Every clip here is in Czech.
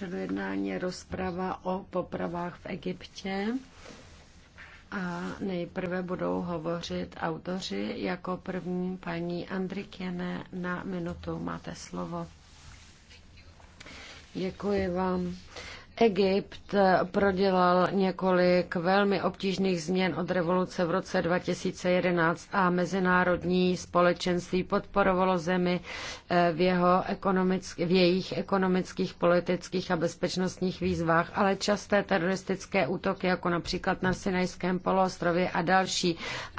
pořadu jednání je rozprava o popravách v Egyptě. A nejprve budou hovořit autoři jako první paní Andrikěne na minutu. Máte slovo. Děkuji vám. Egypt prodělal několik velmi obtížných změn od revoluce v roce 2011 a mezinárodní společenství podporovalo zemi eh, v, jeho v jejich ekonomických, politických a bezpečnostních výzvách, ale časté teroristické útoky, jako například na Sinajském poloostrově a další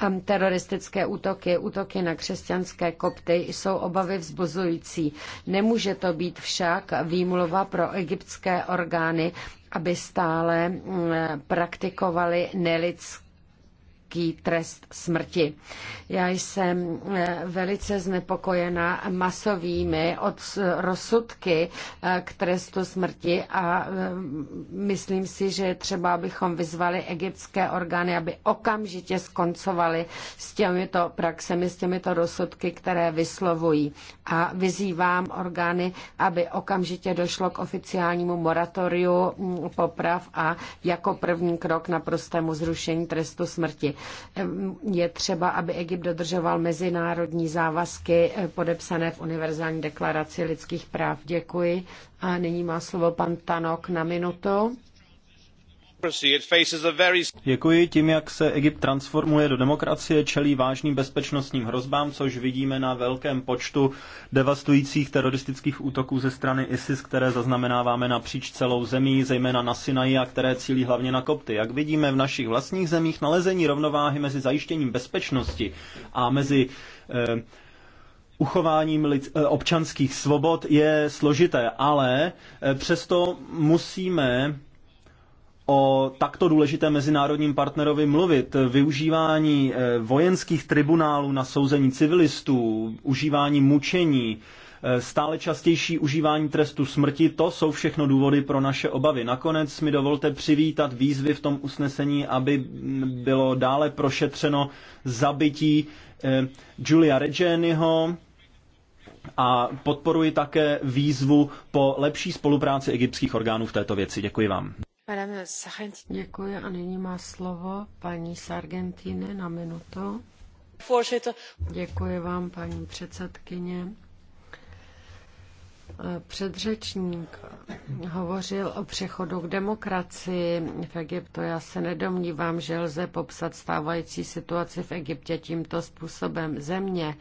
eh, teroristické útoky, útoky na křesťanské kopty, jsou obavy vzbuzující. Nemůže to být však výmluva pro egyptské orgány, aby stále mm, praktikovali nelidské krátký trest smrti. Já jsem eh, velice znepokojena masovými od rozsudky eh, k trestu smrti a eh, myslím si, že třeba abychom vyzvali egyptské orgány, aby okamžitě skoncovaly s těmito praxemi, s těmito rozsudky, které vyslovují. A vyzývám orgány, aby okamžitě došlo k oficiálnímu moratoriu mm, poprav a jako první krok na prostému zrušení trestu smrti. Je třeba, aby Egypt dodržoval mezinárodní závazky eh, podepsané v Univerzální deklaraci lidských práv. Děkuji. A nyní má slovo pan Tanok na minutu. Děkuji. Tím, jak se Egypt transformuje do demokracie, čelí vážným bezpečnostním hrozbám, což vidíme na velkém počtu devastujících teroristických útoků ze strany ISIS, které zaznamenáváme napříč celou zemí, zejména na Sinaji a které cílí hlavně na kopty. Jak vidíme v našich vlastních zemích, nalezení rovnováhy mezi zajištěním bezpečnosti a mezi eh, uchováním lid, eh, občanských svobod je složité, ale eh, přesto musíme o takto důležitém mezinárodním partnerovi mluvit. Využívání eh, vojenských tribunálů na souzení civilistů, užívání mučení, eh, stále častější užívání trestu smrti, to jsou všechno důvody pro naše obavy. Nakonec mi dovolte přivítat výzvy v tom usnesení, aby bylo dále prošetřeno zabití eh, Julia Regeniho, a podporuji také výzvu po lepší spolupráci egyptských orgánů v této věci. Děkuji vám. Děkuji a nyní má slovo paní Sargentine na minutu. Děkuji vám, paní předsedkyně předřečník hovořil o přechodu k demokracii v Egyptu. Já se nedomnívám, že lze popsat stávající situaci v Egyptě tímto způsobem. Země,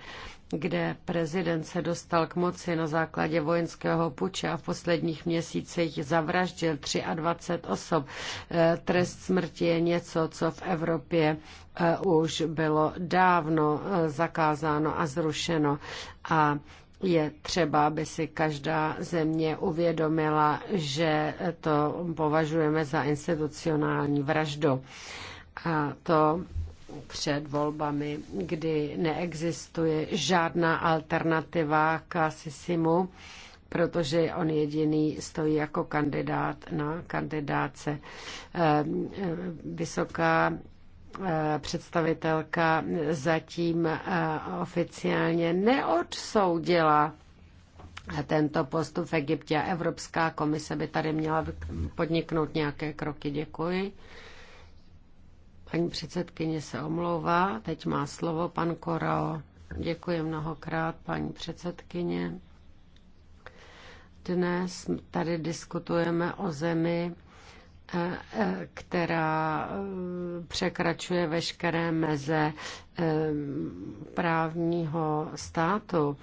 kde prezident se dostal k moci na základě vojenského puče a v posledních měsících zavraždil 23 osob. Eh, trest smrti je něco, co v Evropě eh, už bylo dávno eh, zakázáno a zrušeno. A je třeba, aby si každá země uvědomila, že to považujeme za institucionální vraždu. A to před volbami, kdy neexistuje žádná alternativa k Sisimu, protože on jediný stojí jako kandidát na kandidáce. Ehm, ehm, vysoká Eh, představitelka zatím eh, oficiálně neodsoudila tento postup v Egyptě a Evropská komise by tady měla podniknout nějaké kroky. Děkuji. Paní předsedkyně se omlouvá, teď má slovo pan Korao. Děkuji mnohokrát, paní předsedkyně. Dnes tady diskutujeme o zemi, E, která e, překračuje veškeré meze e, právního státu.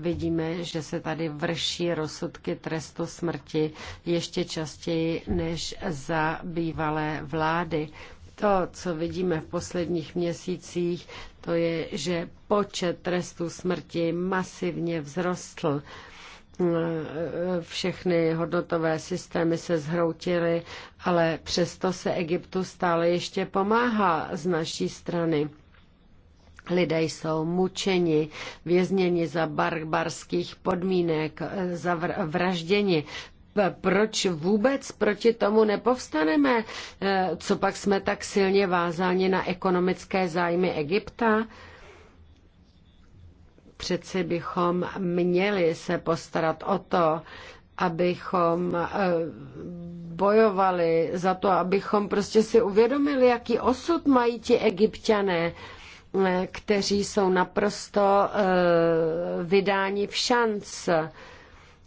Vidíme, že se tady vrší rozsudky trestu smrti ještě častěji než za bývalé vlády. To, co vidíme v posledních měsících, to je, že počet trestů smrti masivně vzrostl. Eh, všechny hodnotové systémy se zhroutily, ale přesto se Egyptu stále ještě pomáhá z naší strany. Lidé jsou mučeni, vězněni za barbarských podmínek, eh, za vražděni. Proč vůbec proti tomu nepovstaneme? Eh, Co pak jsme tak silně vázáni na ekonomické zájmy Egypta? Přeci bychom měli se postarat o to, abychom e, bojovali za to, abychom prostě si uvědomili, jaký osud mají ti egyptiané, e, kteří jsou naprosto e, vydáni v šance.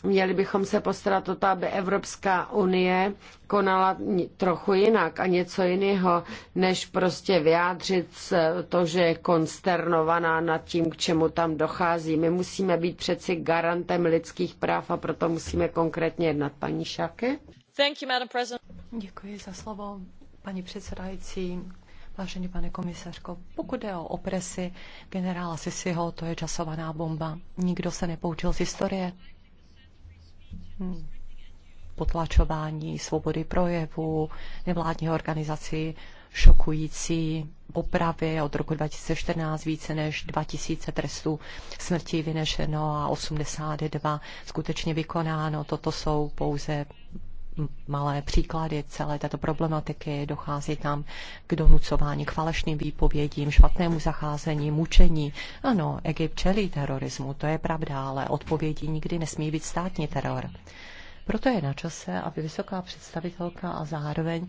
Měli bychom se postarat o to, aby Evropská unie konala trochu jinak a něco jiného, než prostě vyjádřit to, že je konsternovaná nad tím, k čemu tam dochází. My musíme být přeci garantem lidských práv a proto musíme konkrétně jednat. Paní Šáke? Děkuji za slovo, paní předsedající. Vážený pane komisařko, pokud je o opresy generála Sisiho, to je časovaná bomba. Nikdo se nepoučil z historie potlačování svobody projevu, nevládní organizaci, šokující popravy od roku 2014 více než 2000 trestů smrti vynešeno a 82 skutečně vykonáno. Toto jsou pouze malé příklady celé této problematiky. Dochází tam k donucování, k falešným výpovědím, špatnému zacházení, mučení. Ano, Egypt čelí terorismu, to je pravda, ale odpovědí nikdy nesmí být státní teror. Proto je na čase, aby vysoká představitelka a zároveň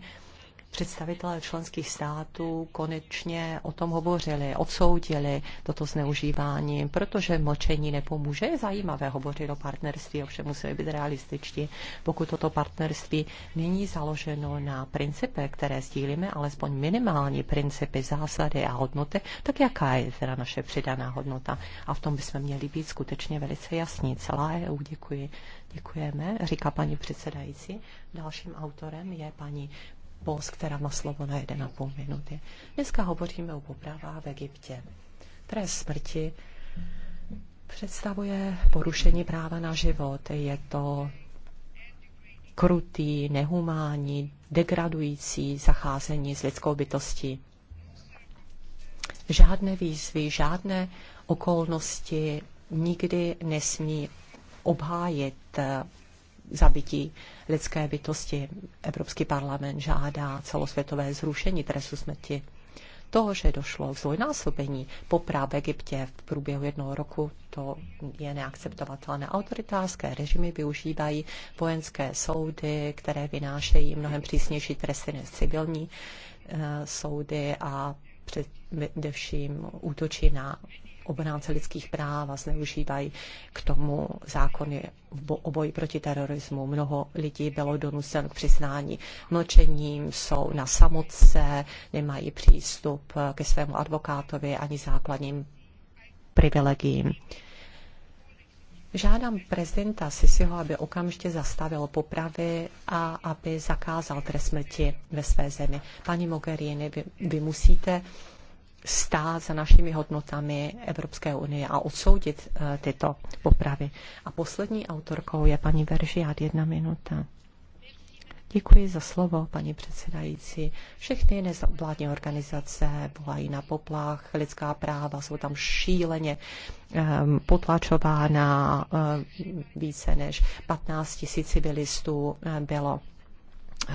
představitelé členských států konečně o tom hovořili, odsoudili toto zneužívání, protože mlčení nepomůže. Je zajímavé hovořit o partnerství, ovšem musíme být realističtí. Pokud toto partnerství není založeno na principech, které sdílíme, alespoň minimální principy, zásady a hodnoty, tak jaká je teda naše přidaná hodnota? A v tom bychom měli být skutečně velice jasní. Celá EU děkuji. Děkujeme, říká paní předsedající. Dalším autorem je paní Bols, která má slovo na 1,5 minuty. Dneska hovoříme o popravách v Egyptě. Trest smrti představuje porušení práva na život. Je to krutý, nehumánní, degradující zacházení s lidskou bytostí. Žádné výzvy, žádné okolnosti nikdy nesmí obhájit zabití lidské bytosti. Evropský parlament žádá celosvětové zrušení trestu smrti. To, že došlo k zvojnásobení poprav v Egyptě v průběhu jednoho roku, to je neakceptovatelné. Autoritářské režimy využívají vojenské soudy, které vynášejí mnohem přísnější tresty než civilní eh, soudy a především útočí na obránce lidských práv a zneužívají k tomu zákony o boji proti terorismu. Mnoho lidí bylo donuceno k přiznání mlčením, jsou na samotce, nemají přístup ke svému advokátovi ani základním privilegiím. Žádám prezidenta Sisiho, aby okamžitě zastavil popravy a aby zakázal trest smrti ve své zemi. Paní Mogherini, vy, vy musíte stát za našimi hodnotami Evropské unie a odsoudit eh, tyto popravy. A poslední autorkou je paní Veržiat, jedna minuta. Děkuji za slovo, paní předsedající. Všechny nezvládní organizace volají na poplach, lidská práva jsou tam šíleně um, potlačována. Um, více než 15 tisíc civilistů um, bylo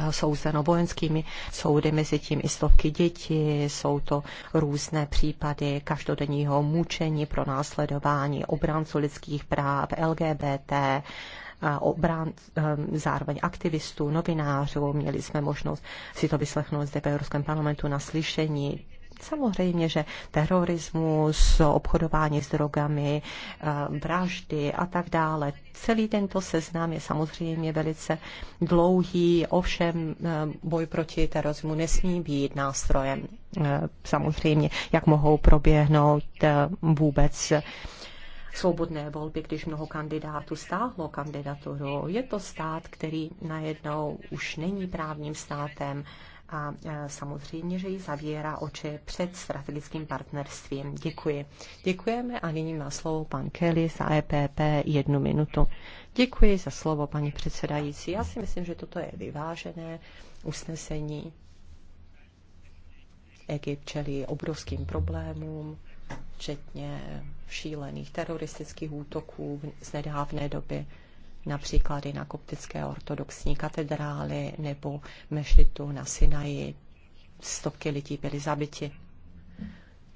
Eh, souzeno vojenskými soudy, mezi tím i stovky dětí, jsou to různé případy každodenního mučení pro následování obránců lidských práv, LGBT, eh, obrán, eh, zároveň aktivistů, novinářů. Měli jsme možnost si to vyslechnout zde v Evropském parlamentu na slyšení. Samozřejmě, že terorismus, obchodování s drogami, eh, vraždy a tak dále. Celý tento seznam je samozřejmě velice dlouhý, ovšem eh, boj proti terorismu nesmí být nástrojem eh, samozřejmě, jak mohou proběhnout vůbec svobodné volby, když mnoho kandidátů stáhlo kandidaturu. Je to stát, který najednou už není právním státem, a e, samozřejmě, že ji zavírá oči před strategickým partnerstvím. Děkuji. Děkujeme a nyní má slovo pan Kelly za EPP jednu minutu. Děkuji za slovo, paní předsedající. Já si myslím, že toto je vyvážené usnesení. Egypt čelí obrovským problémům, včetně šílených teroristických útoků z nedávné doby například i na koptické ortodoxní katedrály nebo mešitu na Sinaji. Stovky lidí byly zabiti.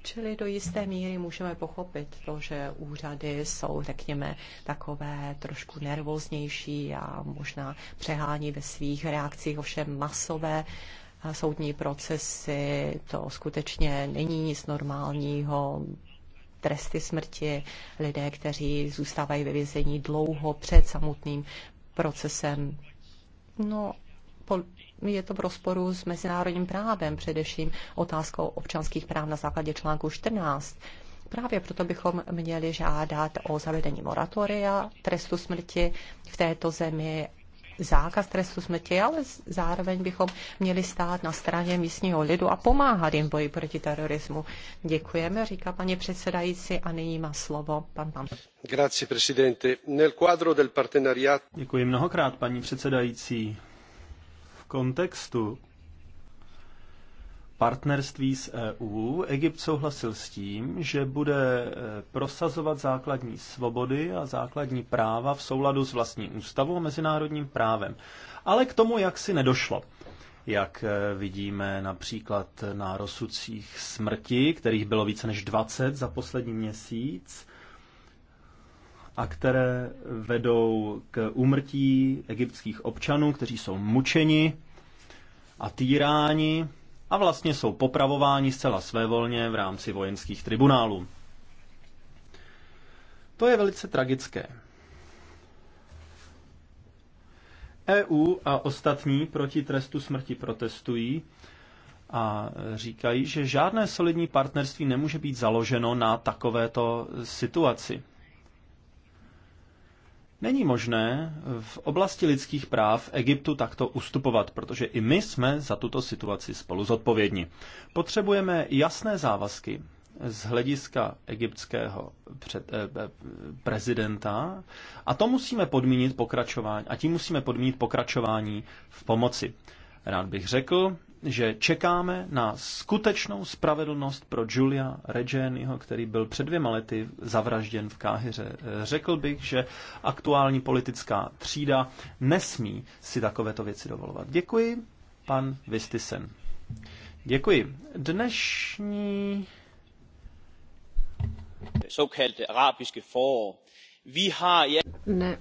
Čili do jisté míry můžeme pochopit to, že úřady jsou, řekněme, takové trošku nervóznější a možná přehání ve svých reakcích, ovšem masové eh, soudní procesy, to skutečně není nic normálního, tresty smrti, lidé, kteří zůstávají ve vězení dlouho před samotným procesem. No, je to v rozporu s mezinárodním právem, především otázkou občanských práv na základě článku 14. Právě proto bychom měli žádat o zavedení moratoria trestu smrti v této zemi zákaz trestu smrti, ale zároveň bychom měli stát na straně místního lidu a pomáhat jim boji proti terorismu. Děkujeme, říká paní předsedající a nyní má slovo pan pan. Grazie, presidente. Nel quadro del partenariat... Děkuji mnohokrát, paní předsedající. V kontextu partnerství s EU, Egypt souhlasil s tím, že bude e, prosazovat základní svobody a základní práva v souladu s vlastní ústavou a mezinárodním právem. Ale k tomu jaksi nedošlo. Jak e, vidíme například na rozsudcích smrti, kterých bylo více než 20 za poslední měsíc, a které vedou k úmrtí egyptských občanů, kteří jsou mučeni a týráni a vlastně jsou popravováni zcela svévolně v rámci vojenských tribunálů. To je velice tragické. EU a ostatní proti trestu smrti protestují a říkají, že žádné solidní partnerství nemůže být založeno na takovéto situaci. Není možné v oblasti lidských práv Egyptu takto ustupovat, protože i my jsme za tuto situaci spolu zodpovědní. Potřebujeme jasné závazky z hlediska egyptského před, eh, eh prezidenta a to musíme podmínit pokračování a tím musíme podmínit pokračování v pomoci. Rád bych řekl, že čekáme na skutečnou spravedlnost pro Julia Regeniho, který byl před dvěma lety zavražděn v Káhyře. Řekl bych, že aktuální politická třída nesmí si takovéto věci dovolovat. Děkuji, pan Vistisen. Děkuji. Dnešní Ne,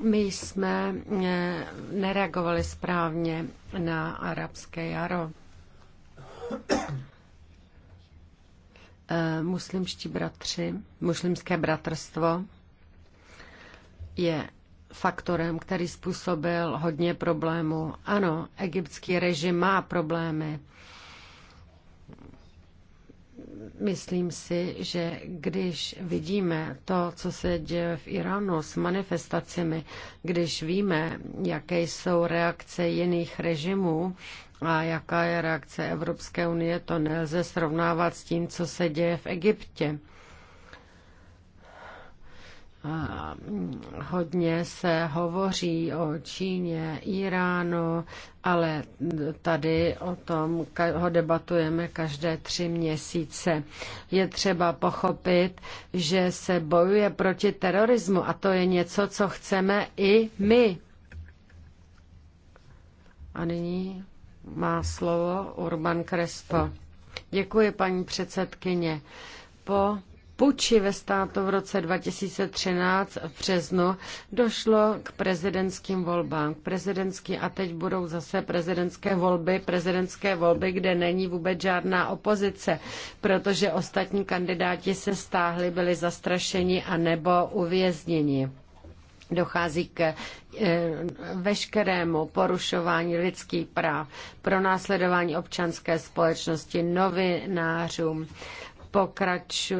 my jsme eh, nereagovali správně na arabské jaro. Eh, muslimští bratři, muslimské bratrstvo je faktorem, který způsobil hodně problémů. Ano, egyptský režim má problémy Myslím si, že když vidíme to, co se děje v Iránu s manifestacemi, když víme, jaké jsou reakce jiných režimů a jaká je reakce Evropské unie, to nelze srovnávat s tím, co se děje v Egyptě hodně se hovoří o Číně, Iránu, ale tady o tom ho debatujeme každé tři měsíce. Je třeba pochopit, že se bojuje proti terorismu a to je něco, co chceme i my. A nyní má slovo Urban Crespo. Děkuji, paní předsedkyně. Po puči ve státu v roce 2013 v březnu došlo k prezidentským volbám. K prezidentský a teď budou zase prezidentské volby, prezidentské volby, kde není vůbec žádná opozice, protože ostatní kandidáti se stáhli, byli zastrašeni a nebo uvězněni. Dochází k e, veškerému porušování lidských práv, pronásledování občanské společnosti, novinářům, pokraču,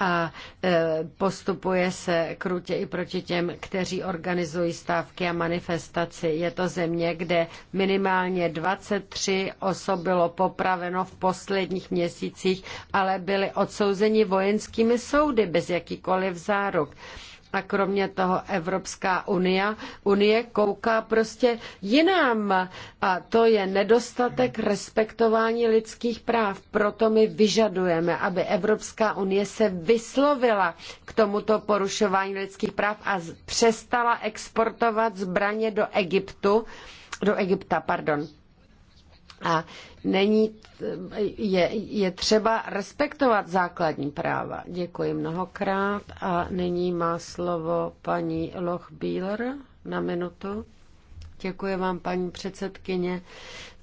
a e, postupuje se krutě i proti těm, kteří organizují stávky a manifestaci. Je to země, kde minimálně 23 osob bylo popraveno v posledních měsících, ale byli odsouzeni vojenskými soudy bez jakýkoliv záruk. A kromě toho Evropská unie, unie kouká prostě jinam. A to je nedostatek respektování lidských práv. Proto my vyžadujeme, aby Evropská unie se vyslovila k tomuto porušování lidských práv a přestala exportovat zbraně do Egyptu, do Egypta, pardon. A není, je, je třeba respektovat základní práva. Děkuji mnohokrát a nyní má slovo paní Loch Bieler na minutu. Děkuji vám, paní předsedkyně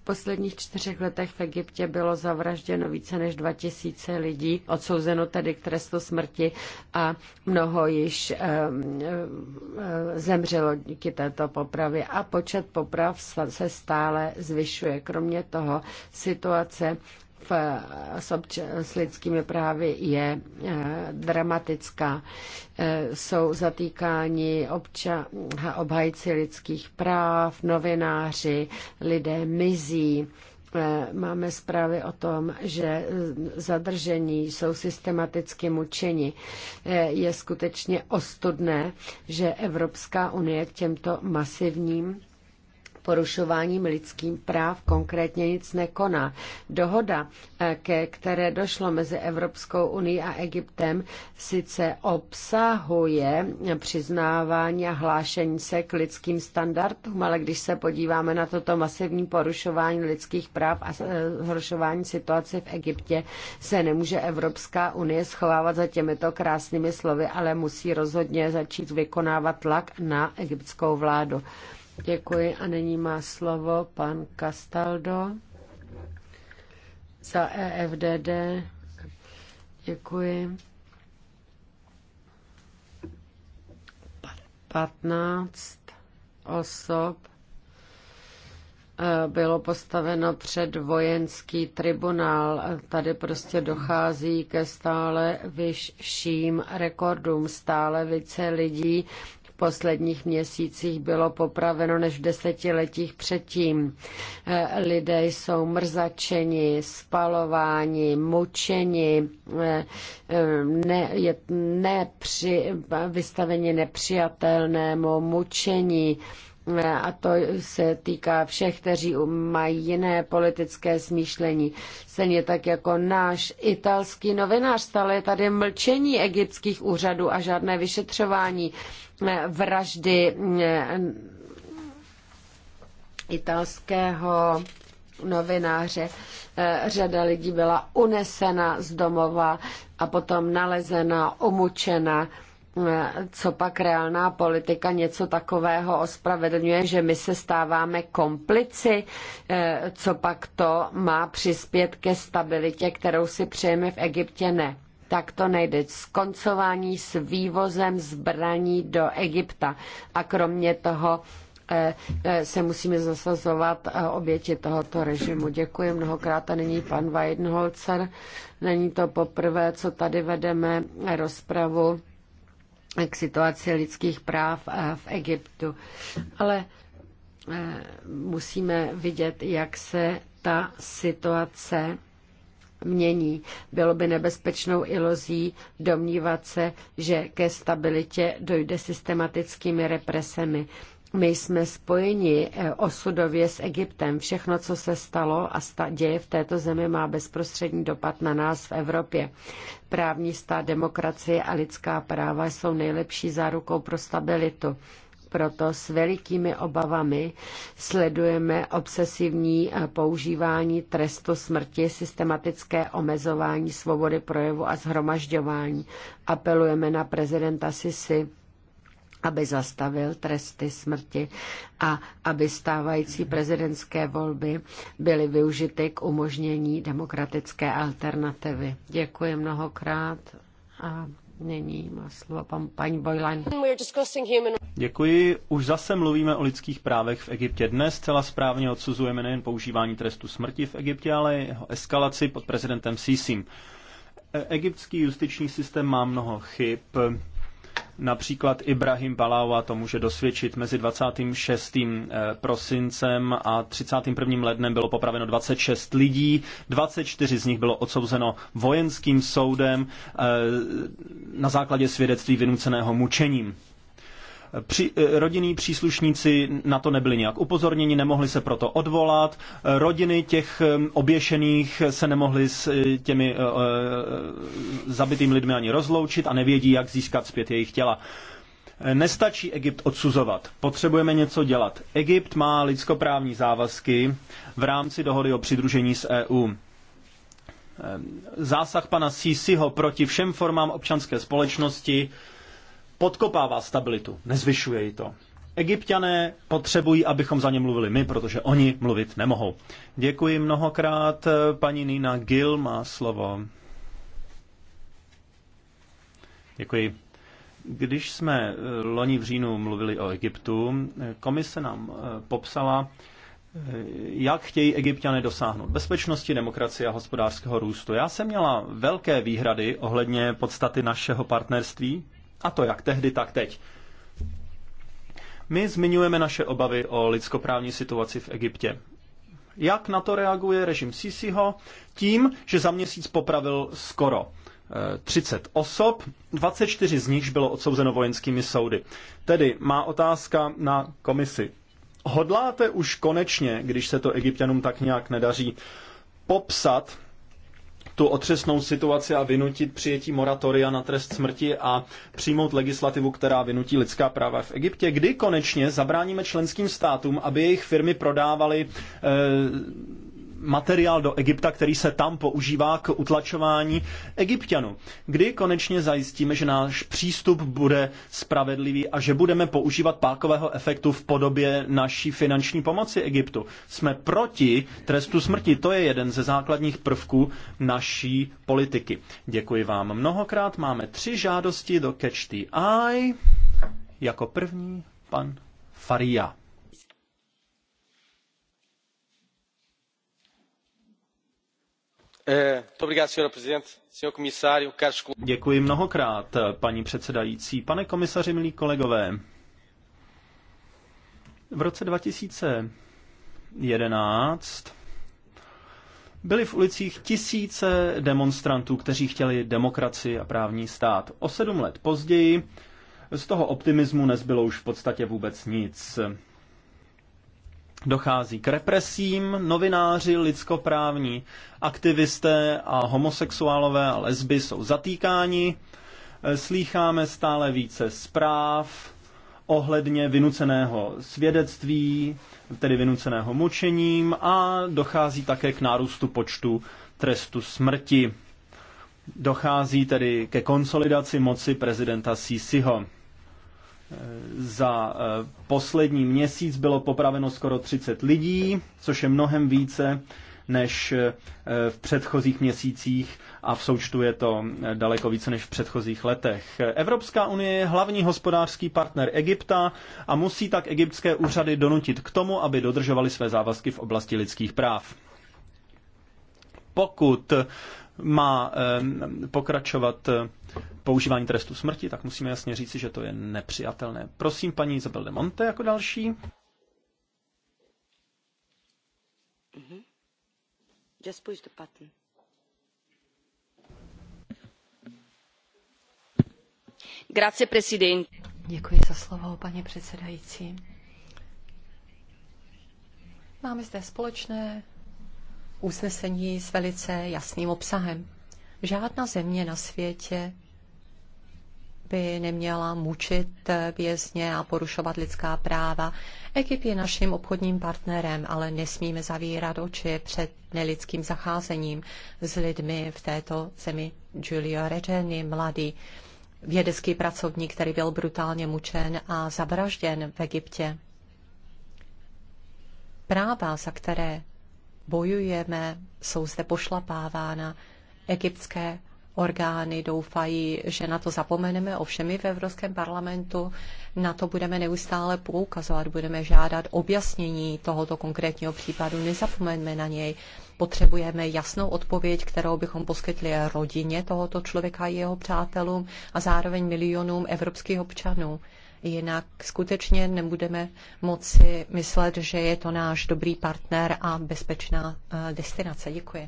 posledních čtyřech letech v Egyptě bylo zavražděno více než 2000 lidí, odsouzeno tedy k trestu smrti a mnoho již zemřelo díky této popravě a počet poprav se stále zvyšuje. Kromě toho situace v, s, s lidskými právy je e, dramatická. E, jsou zatýkáni obča- obhajci lidských práv, novináři, lidé mizí. Eh, máme zprávy o tom, že zadržení jsou systematicky mučeni. je skutečně ostudné, že Evropská unie k těmto masivním porušováním lidským práv konkrétně nic nekoná. Dohoda, eh, ke které došlo mezi Evropskou unii a Egyptem, sice obsahuje přiznávání a hlášení se k lidským standardům, ale když se podíváme na toto masivní porušování lidských práv a eh, zhoršování situace v Egyptě, se nemůže Evropská unie schovávat za těmito krásnými slovy, ale musí rozhodně začít vykonávat tlak na egyptskou vládu. Děkuji a nyní má slovo pan Castaldo za EFDD. Děkuji. 15 osob eh, bylo postaveno před vojenský tribunál. Tady prostě dochází ke stále vyšším rekordům. Stále více lidí posledních měsících bylo popraveno než v desetiletích předtím. Eh, lidé jsou mrzačeni, spalováni, mučeni, eh, eh, ne, je, nepři, vystaveni nepřijatelnému mučení a to se týká všech, kteří mají jiné politické smýšlení. Stejně tak jako náš italský novinář, stále je tady mlčení egyptských úřadů a žádné vyšetřování. Eh, vraždy eh, italského novináře. Eh, řada lidí byla unesena z domova a potom nalezena, omučena. Co pak reálná politika něco takového ospravedlňuje, že my se stáváme komplici? Co pak to má přispět ke stabilitě, kterou si přejeme v Egyptě? Ne tak to nejde. Skoncování s vývozem zbraní do Egypta. A kromě toho eh, eh, se musíme zasazovat eh, oběti tohoto režimu. Děkuji mnohokrát a není pan Weidenholzer. Není to poprvé, co tady vedeme rozpravu k situaci lidských práv v Egyptu. Ale musíme vidět, jak se ta situace mění. Bylo by nebezpečnou iluzí domnívat se, že ke stabilitě dojde systematickými represemi. My jsme spojeni eh, osudově s Egyptem. Všechno, co se stalo a děje v této zemi, má bezprostřední dopad na nás v Evropě. Právní stát, demokracie a lidská práva jsou nejlepší zárukou pro stabilitu proto s velikými obavami sledujeme obsesivní eh, používání trestu smrti, systematické omezování svobody projevu a zhromažďování. Apelujeme na prezidenta Sisi, aby zastavil tresty smrti a aby stávající prezidentské volby byly využity k umožnění demokratické alternativy. Děkuji mnohokrát a není, má pan, paní Boylan. Děkuji. Už zase mluvíme o lidských právech v Egyptě. Dnes celá správně odsuzujeme nejen používání trestu smrti v Egyptě, ale jeho eskalaci pod prezidentem Sisim. E, egyptský justiční systém má mnoho chyb. Například Ibrahim a to může dosvědčit. Mezi 26. Eh, prosincem a 31. lednem bylo popraveno 26 lidí, 24 z nich bylo odsouzeno vojenským soudem eh, na základě svědectví vynuceného mučením. Při, eh, rodinní příslušníci na to nebyli nějak upozorněni, nemohli se proto odvolat. Rodiny těch oběšených se nemohly s eh, těmi eh, zabitými lidmi ani rozloučit a nevědí, jak získat zpět jejich těla. Nestačí Egypt odsuzovat. Potřebujeme něco dělat. Egypt má lidskoprávní závazky v rámci dohody o přidružení s EU. Zásah pana Sisiho proti všem formám občanské společnosti podkopává stabilitu, nezvyšuje ji to. Egyptiané potřebují, abychom za ně mluvili my, protože oni mluvit nemohou. Děkuji mnohokrát. Eh, paní Nina Gil má slovo. Děkuji. Když jsme eh, loni v říjnu mluvili o Egyptu, eh, komise nám popsala, jak chtějí egyptiané dosáhnout bezpečnosti, demokracie a hospodářského růstu. Já jsem měla velké výhrady ohledně podstaty našeho partnerství, a to jak tehdy, tak teď. My zmiňujeme naše obavy o lidskoprávní situaci v Egyptě. Jak na to reaguje režim Sisiho? Tím, že za měsíc popravil skoro 30 eh, osob, 24 z nich bylo odsouzeno vojenskými soudy. Tedy má otázka na komisi. Hodláte už konečně, když se to egyptianům tak nějak nedaří, popsat tu otřesnou situaci a vynutit přijetí moratoria na trest smrti a přijmout legislativu, která vynutí lidská práva v Egyptě, kdy konečně zabráníme členským státům, aby jejich firmy prodávaly eh, materiál do Egypta, který se tam používá k utlačování Egyptianů. Kdy konečně zajistíme, že náš přístup bude spravedlivý a že budeme používat pákového efektu v podobě naší finanční pomoci Egyptu? Jsme proti trestu smrti. To je jeden ze základních prvků naší politiky. Děkuji vám mnohokrát. Máme tři žádosti do Catch the Eye. Jako první pan Faria. Eh, Děkuji mnohokrát, paní předsedající. Pane komisaři, milí kolegové, v roce 2011 byly v ulicích tisíce demonstrantů, kteří chtěli demokracii a právní stát. O sedm let později z toho optimismu nezbylo už v podstatě vůbec nic. Dochází k represím, novináři, lidskoprávní aktivisté a homosexuálové a lesby jsou zatýkáni. E, slýcháme stále více zpráv ohledně vynuceného svědectví, tedy vynuceného mučením a dochází také k nárůstu počtu trestu smrti. Dochází tedy ke konsolidaci moci prezidenta Sisiho. Za eh, poslední měsíc bylo popraveno skoro 30 lidí, což je mnohem více než eh, v předchozích měsících a v součtu je to eh, daleko více než v předchozích letech. Evropská unie je hlavní hospodářský partner Egypta a musí tak egyptské úřady donutit k tomu, aby dodržovali své závazky v oblasti lidských práv. Pokud má pokračovat používání trestu smrti, tak musíme jasně říci, že to je nepřijatelné. Prosím, paní Isabel de Monte jako další. Mhm. Just push the button. Děkuji za slovo, paní předsedající. Máme zde společné usnesení s velice jasným obsahem. Žádná země na světě by neměla mučit eh, vězně a porušovat lidská práva. Egypt je naším obchodním partnerem, ale nesmíme zavírat oči před nelidským zacházením s lidmi v této zemi. Giulio Regeni, mladý vědecký pracovník, který byl brutálně mučen a zavražděn v Egyptě. Práva, za které bojujeme, jsou zde pošlapávána. Egyptské orgány doufají, že na to zapomeneme, ovšem i v Evropském parlamentu na to budeme neustále poukazovat, budeme žádat objasnění tohoto konkrétního případu, nezapomeňme na něj. Potřebujeme jasnou odpověď, kterou bychom poskytli rodině tohoto člověka a jeho přátelům a zároveň milionům evropských občanů. Jinak skutečně nebudeme moci myslet, že je to náš dobrý partner a bezpečná eh, destinace. Děkuji.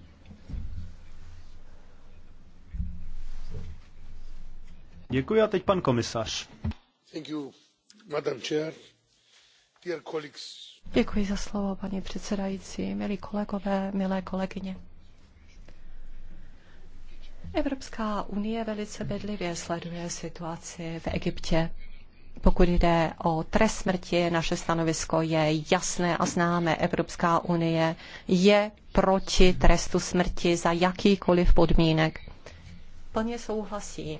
Děkuji a teď pan komisař. Děkuji za slovo, paní předsedající, milí kolegové, milé kolegyně. Evropská unie velice bedlivě sleduje situaci v Egyptě. Pokud jde o trest smrti, naše stanovisko je jasné a známé. Evropská unie je proti trestu smrti za jakýkoliv podmínek. Plně souhlasím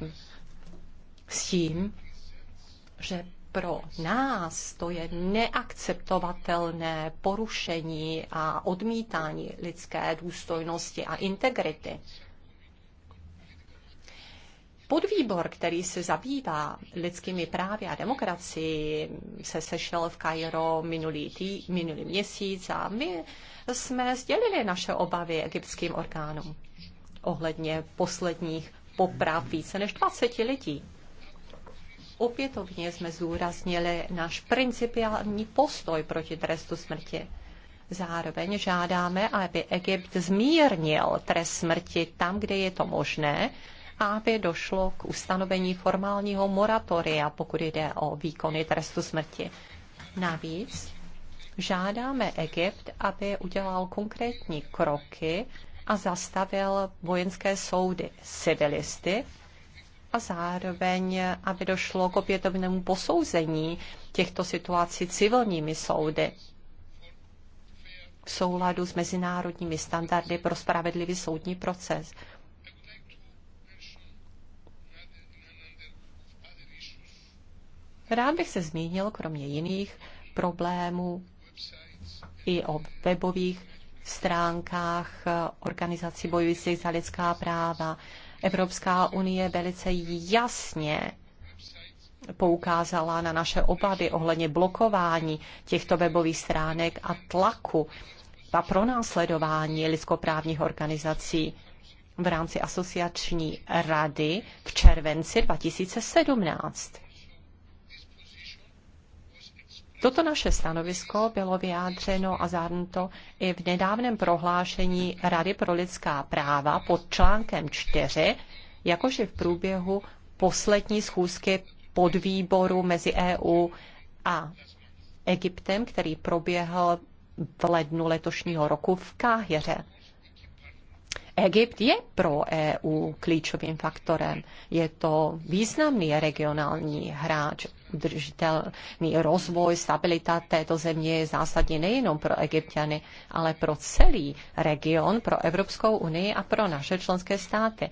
s tím, že pro nás to je neakceptovatelné porušení a odmítání lidské důstojnosti a integrity. Podvýbor, který se zabývá lidskými právy a demokracií, se sešel v Kairo minulý, tý, minulý měsíc a my jsme sdělili naše obavy egyptským orgánům ohledně posledních poprav více než 20 lidí. Opětovně jsme zúraznili náš principiální postoj proti trestu smrti. Zároveň žádáme, aby Egypt zmírnil trest smrti tam, kde je to možné, a aby došlo k ustanovení formálního moratoria, pokud jde o výkony trestu smrti. Navíc žádáme Egypt, aby udělal konkrétní kroky a zastavil vojenské soudy civilisty a zároveň, aby došlo k opětovnému posouzení těchto situací civilními soudy v souladu s mezinárodními standardy pro spravedlivý soudní proces. Rád bych se zmínil, kromě jiných problémů, i o webových stránkách organizací bojujících za lidská práva, Evropská unie velice jasně poukázala na naše obavy ohledně blokování těchto webových stránek a tlaku a pronásledování lidskoprávních organizací v rámci asociační rady v červenci 2017. Toto naše stanovisko bylo vyjádřeno a zahrnuto i v nedávném prohlášení Rady pro lidská práva pod článkem 4, jakož i v průběhu poslední schůzky podvýboru mezi EU a Egyptem, který proběhl v lednu letošního roku v Káhyře. Egypt je pro EU klíčovým faktorem. Je to významný regionální hráč. Udržitelný rozvoj, stabilita této země je zásadní nejenom pro Egyptiany, ale pro celý region, pro Evropskou unii a pro naše členské státy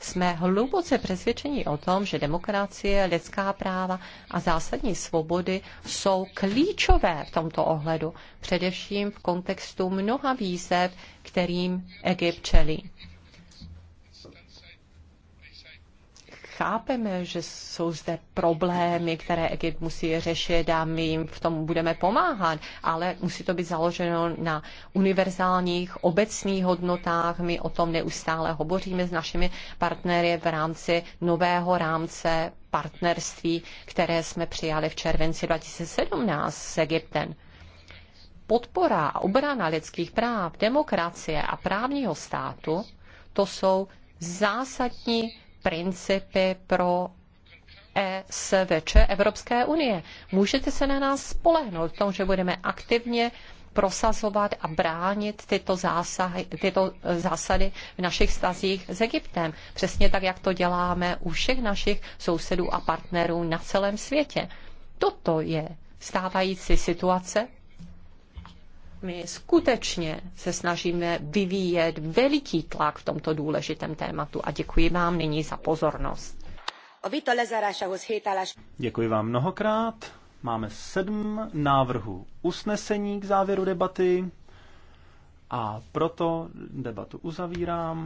jsme hluboce přesvědčeni o tom, že demokracie, lidská práva a zásadní svobody jsou klíčové v tomto ohledu, především v kontextu mnoha výzev, kterým Egypt čelí. chápeme, že jsou zde problémy, které Egypt musí řešit a my jim v tom budeme pomáhat, ale musí to být založeno na univerzálních obecných hodnotách. My o tom neustále hovoříme s našimi partnery v rámci nového rámce partnerství, které jsme přijali v červenci 2017 s Egyptem podpora a obrana lidských práv, demokracie a právního státu, to jsou zásadní principy pro ESVČ Evropské unie. Můžete se na nás spolehnout v tom, že budeme aktivně prosazovat a bránit tyto, zásahy, tyto zásady v našich stazích s Egyptem. Přesně tak, jak to děláme u všech našich sousedů a partnerů na celém světě. Toto je stávající situace my skutečně se snažíme vyvíjet veliký tlak v tomto důležitém tématu a děkuji vám nyní za pozornost. Děkuji vám mnohokrát. Máme sedm návrhů usnesení k závěru debaty a proto debatu uzavírám.